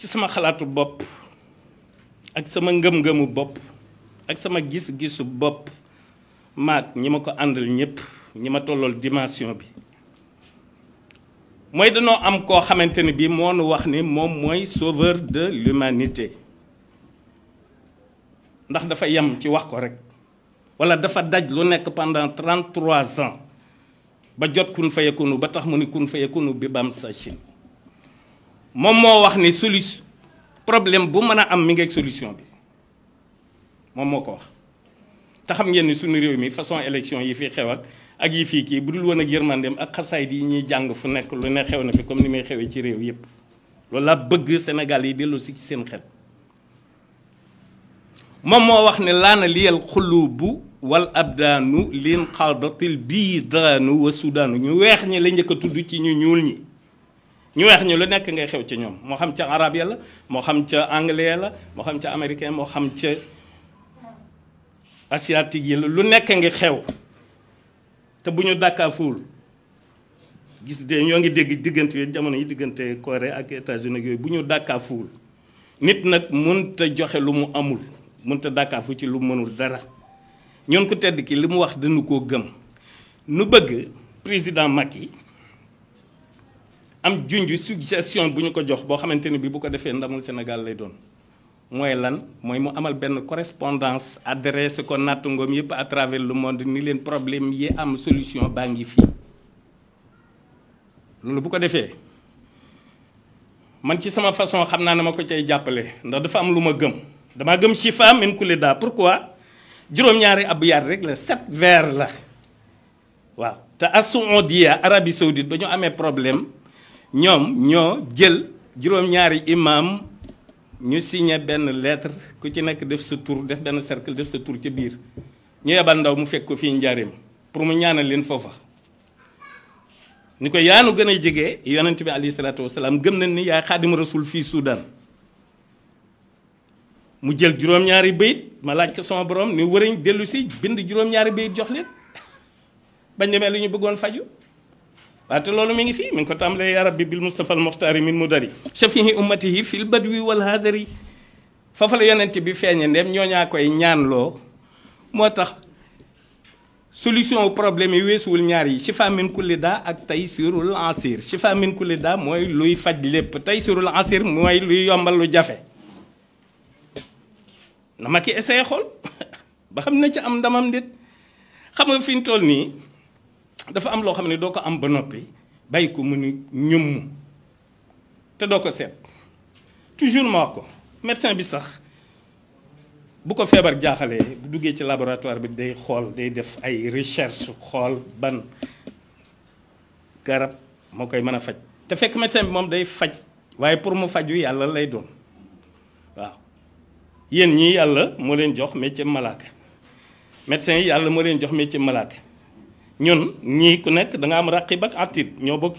ci sama xalaatu bopp ak sama ngëm-ngëmu bopp ak sama gis-gisu bopp maag ñi ma ko àndal ñëpp ñi ma tollool dimension bi mooy danoo am koo xamante ne bii moo nu wax ni moom mooy sauveur de l'humanité ndax dafa yem ci wax ko rek wala dafa daj lu nekk pendant 33 ans ba jot kun fayakunu ba tax mu ni kun fayakunu bi bam sachin moom moo wax ni solution problème bu mën a am mi ngi solution bi moom moo ko wax te xam ngeen ni suñu réew mi façon élection yi fii xew ak ak yi fii kii bu dul woon ak yërmandeem ak xasaay yi ñuy jàng fu nekk lu ne xew na fi comme ni muy xewee ci réew yépp loolu laa bëgg Sénégal yi delloosi ci seen xel moom moo wax ne laana liyal xulubu wal abdaanu lin xaldatil biidaanu wa sudaanu ñu weex ñi la njëkk a tudd ci ñu ñuul ñi ñu weex ñu lu nekk ngay xew ci ñoom moo xam ca arabe ya la moo xam ca anglais la moo xam ca américain moo xam ca asiatique yi la lu nekk ngi xew te bu ñu dàkkaafuul gis de ñoo ngi dégg diggante yooyu jamono yi diggante kore ak États-Unis ak yooyu bu ñu dàkkaafuul nit nag mënta joxe lu mu amul mënta dàkkaafu ci lu mënul dara ñoon ko tedd ki li mu wax dënn koo gëm nu bëgg président Macky am y suggestion une suggestion ko jox bo xamanteni bi bu ko Sénégal lay doon moy lan amal ben correspondance adresse ko ngom à travers le monde ni len problème yi am solution solutions. fi fii bu ko Je man ci sama façon xamna na ma ndax dafa am gëm pourquoi rek sept la as-Saoudia Arabie Saoudite problème ñoom ñoo jël juróom-ñaari imam ñu signé benn lettre ku ci nekk def sa tur def benn cercle def sa tur ca biir ñu yebal ndaw mu fekk ko fii njaareem pour mu ñaanal leen foofa ni ko yaanu gën a jege yonent bi alayhi salaatu wasalaam gëm nañ ni yaay xaadim rasul fii Soudan mu jël juróom-ñaari bayit ma laaj ko sama borom ni wëriñ dellu si bind juróom-ñaari bayit jox leen bañ demee li ñu bëggoon faju waaye loolu mi ngi fii mi ngi ko tàmbalee ya rabbi bil mustafa al muxtaari min mudari shafihi ummatihi fil badwi wal hadari fafa la yonent bi feeñe ndem ñoo ñaa koy ñaanloo moo tax solution problème yi weesuwul ñaar yi shifa min kulli ak tay surul ansir shifa min kulli mooy luy faj lépp tay surul ansir mooy luy yombal lu jafe na ma ki essayé xool ba xam ne ci am ndamam ndit xam nga fi ñu nii dafa am loo xam ne doo ko am ba noppi bàyyi ko mu ni ñëmm te doo ko seet toujours ma wax ko médecin bi sax bu ko feebar jaaxalee bu duggee ci laboratoire bi day xool day def ay recherche xool ban garab moo koy mën a faj te fekk médecin bi moom day faj waaye pour mu faju yàlla lay doon waaw yéen ñi yàlla moo leen jox métier malaaka médecin yi yàlla moo leen jox métier malaaka ñun ñii ku nekk da nga am raqib ak atid ñoo bokk